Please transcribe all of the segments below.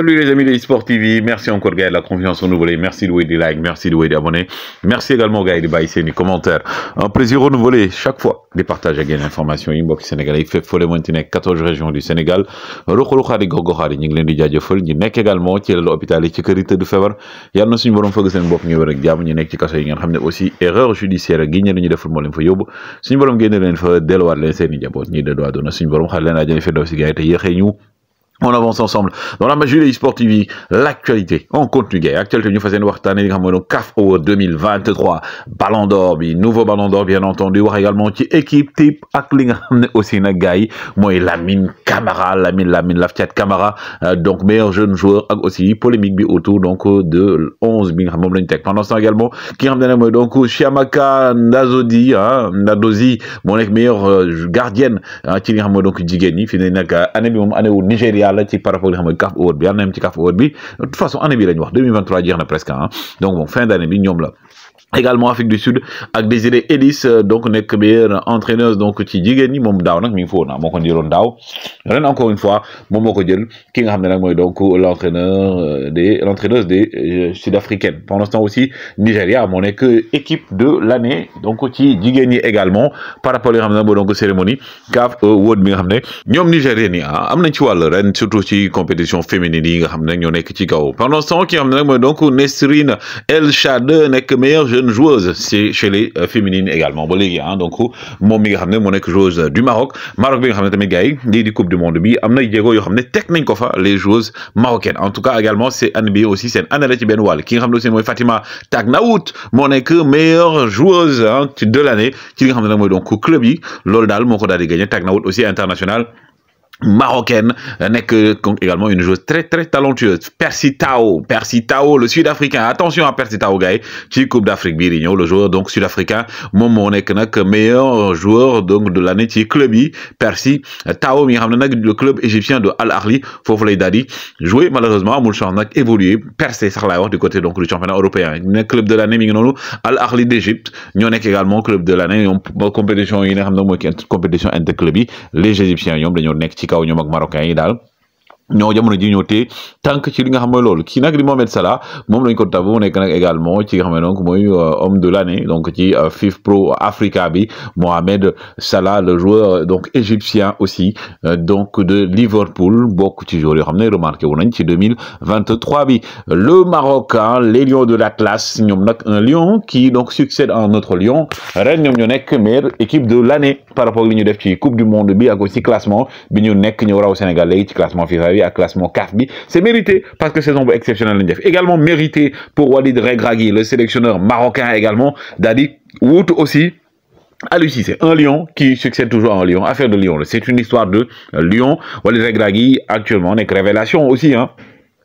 Salut les amis de eSport TV, merci encore Gaël, la confiance renouvelée, merci de vous des likes, merci de vous des abonnés, merci également Gaël de baisser les commentaires. Un plaisir renouvelé chaque fois de partager avec l'information inbox sénégalais, il fait folle monter 14 régions du Sénégal. Rokholo xari gogo xari ñi ngi leen di jaajeufal nek également ci l'hôpital ci kër de teud febar. Yalla na suñu borom feug seen bop ñu wër ak jamm ñi nek ci kasso yi ngeen aussi erreur judiciaire gi ñeen ñu deful mo leen fa yobbu. Suñu borom génne leen fa delwat leen ni jaboot ñi de droit. do na suñu borom xal leen aajane fi daw ci gaay on avance ensemble dans la magie de sports TV, l'actualité en contenu gay. Actualité faisons Fazen Wartan et Gramono CAF Award 2023, Ballon d'Or, nouveau Ballon d'Or bien entendu, war également ci équipe type ak li nga aussi la gars caméra, Lamine Camara Lamine Lamine Laftiat Camara euh, donc meilleur jeune joueur ak aussi polémique autour donc euh, de 11 bi nga tech pendant ce temps également qui nga donc Shiamaka Ndazodi Nadozi hein, mon meilleur euh, gardienne hein, ci donc année la ci par rapport li xam ne CAF Award bi yalla na ci kaf Award bi de toute façon année bi lañ wax 2023 jeex na presque hein donc bon fin d'année bi ñom la également Afrique du Sud avec Désiré Ellis euh, donc nek meilleure entraîneuse donc ci jigen ni mom daw nak mi fo na moko moo encore une fois mon moko ko jël ki nga donc l'entraîneur euh, des l'entraîneuse des euh, sud-africaines pendant ce temps aussi Nigeria mon que équipe de l'année donc ci jigen ni également par rapport à nga donc cérémonie CAF World bi nga xamné ñom ñoom nigériennes ah, ci surtout ci compétition féminine yi nga xamné ñoo ci pendant ce temps ki nga donc Nesrine El Shade nek meilleure jeune jeune joueuse c'est chez les euh, féminines également bon les gars donc mon mi nga mon ne joueuse du Maroc Maroc bi nga xamné tamit gaay di coupe du monde bi amna Diego yo xamné tek nañ ko fa les joueuses marocaines en tout cas également c'est NBA aussi c'est année ci ben wàll ki nga xamné aussi mooy Fatima Tagnaout mon meilleure joueuse hein, de l'année qui nga xamné donc club yi loolu dal moko ko di Tagnaout aussi international marocaine, euh, n'est que également une joueuse très très talentueuse. Percy Tao, Percy Tao, le Sud-Africain. Attention à Percy Tao, qui est Coupe d'Afrique le joueur donc Sud-Africain. mon que meilleur joueur donc de l'année qui club Percy Tao le club égyptien de Al Ahly fofu lay dadi jouer malheureusement amul chance nak évoluer percé du côté donc du championnat européen. le club de l'année Al Ahly d'Égypte. Ñoo est également club de l'année une compétition yi compétition interclub yi les égyptiens ñom ci kaw ñoom ak marocains yi ñoo jamono ji ñoo téye tànk ci li nga xam mooy loolu kii nag di Mohamed Salah moom lañ ko tab mu nekk nag également ci nga xam donc mooy euh, homme de l'année donc ci euh, pro Africa bi Mohamed Salah le joueur donc égyptien aussi euh, donc de Liverpool bokk ci joueur yoo xam ne remarqué wu nañ ci 2023 bi le Marocain les lions de l'Atlas ñoom nag un lion qui donc succède à notre lion ren ñoom ñoo nekk meilleure équipe de l'année par rapport ak li ñu def ci coupe du monde bi ak aussi classement bi ñu nekk ñu raw Sénégal ci classement FIFA à classement 4 c'est mérité parce que un nombre exceptionnel également mérité pour Walid Regragui le sélectionneur marocain également Dadi Wout aussi aussi c'est c'est un lion qui succède toujours à un lion affaire de lion c'est une histoire de lion Walid Regragui actuellement que révélation aussi hein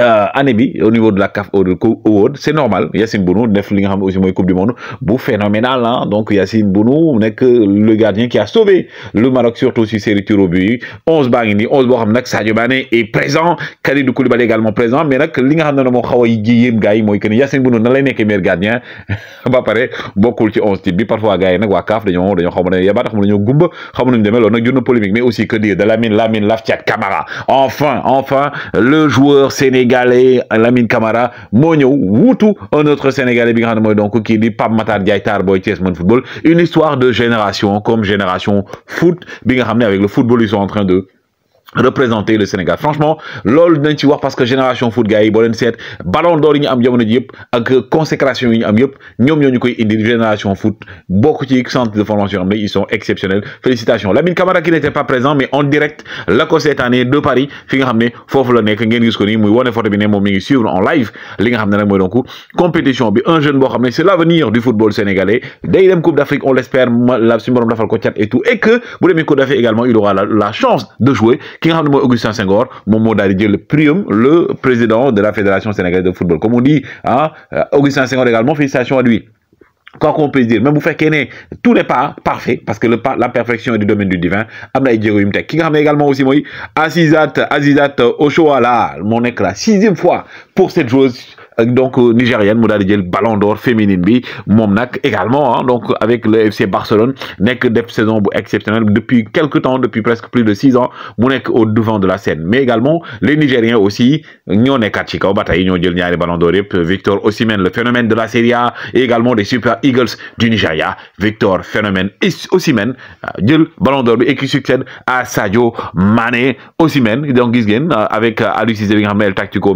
Euh, année bi au niveau de la CAF c'est normal Yassine Bounou def li nga xam aussi moy coupe du monde bu phénoménal hein. donc Yassine Bounou nek le gardien qui a sauvé le Maroc surtout sur série tirs au but 11 baa ngi nii xam nak Sadio Mané est présent Kalidou Koulibaly également présent mais nak li nga xam ne mo xaw yi yéem gaay moy que Yassine Bounou nan lay nek meilleur gardien ba pare bokul ci 11 type bi parfois gaay nak wa waa CAF dañoo dañoo xaw ma ne yabaat xam dañoo gumba xam nañu demee loolu nag jur polémique mais aussi que dire de Lamine Lamine Lafiat Camara enfin enfin le joueur sénégalais sénégalais Lamine Camara Monyo, Woutou, un autre sénégalais bi nga qui donc qui Matar Boy Football une histoire de génération comme génération foot bi avec le football ils sont en train de représenter le Sénégal franchement l'ol d'un ci wax parce que génération foot gars yi boo leen ballon d'or yi ñu am jamono consécration yi ñu am yëpp ni ñoo ñu génération foot beaucoup ci centre de formation mais ils sont exceptionnels félicitations Lamine Camara qui n'était pas présent mais en direct la course cette année de Paris fi nga xam le nez. la nekk ngeen gis ko nii muy wone photo bi ne moom mi ngi suivre en live li nga xam donc compétition bi un jeune boo xam c'est l'avenir du football sénégalais day dem Coupe d'Afrique on l'espère la suñu borom dafal ko et tout et que bu demee Coupe d'Afrique également il aura la chance de jouer qui nga Augustin Senghor mon moo daal prium le président de la fédération sénégalaise de football comme on dit ah, euh, Augustin Senghor également félicitations à lui. quoi qu'on puisse dire même vous faites ne tout n'est pas parfait parce que le la perfection est du domaine du divin am na ay jéego également aussi moi, Azizat Azizat Oshoala, mon éclat, sixième fois pour cette joueuse euh, donc euh, nigérienne mo daal ballon d'or féminine bi mom également hein, donc avec le FC Barcelone nek def saison bu exceptionnelle depuis quelques temps depuis presque plus de six ans mu nek au devant de la scène mais également les Nigériens aussi ñoo nekkaat ci kaw ba jël ñaari ballon d'or Victor Osimhen le phénomène de la Serie A et également les Super Eagles du Nigeria Victor phénomène Osimhen euh, jël ballon d'or et qui succède à Sadio Mané Osimhen donc gis avec Aliou Cissé tactico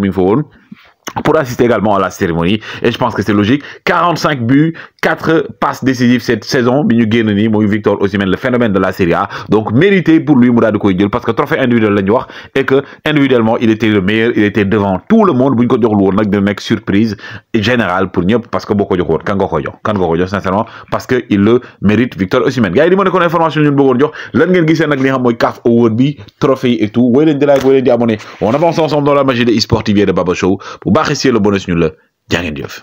pour assister également à la cérémonie. Et je pense que c'est logique. 45 buts, 4 passes décisives cette saison. Binu Guénoni, Moïse Victor Osimhen, le phénomène de la Serie A. Donc mérité pour lui Mourad Koïdjel parce que trophée individuel de ñu et que individuellement il était le meilleur, il était devant tout le monde. Buñ ko jox lu nak de nek surprise générale pour ñep parce que boko de kan ko jox sincèrement parce que le mérite Victor Osimhen. Gaay di mo nekkoon information ñun bëggoon jox lan ngeen gisee nag li nga xam CAF Award bi trophée et tout. Woy leen di like, On avance ensemble dans la magie des e de Baba Show. pour apprécié le bonus ñu la jaa ngeen jëf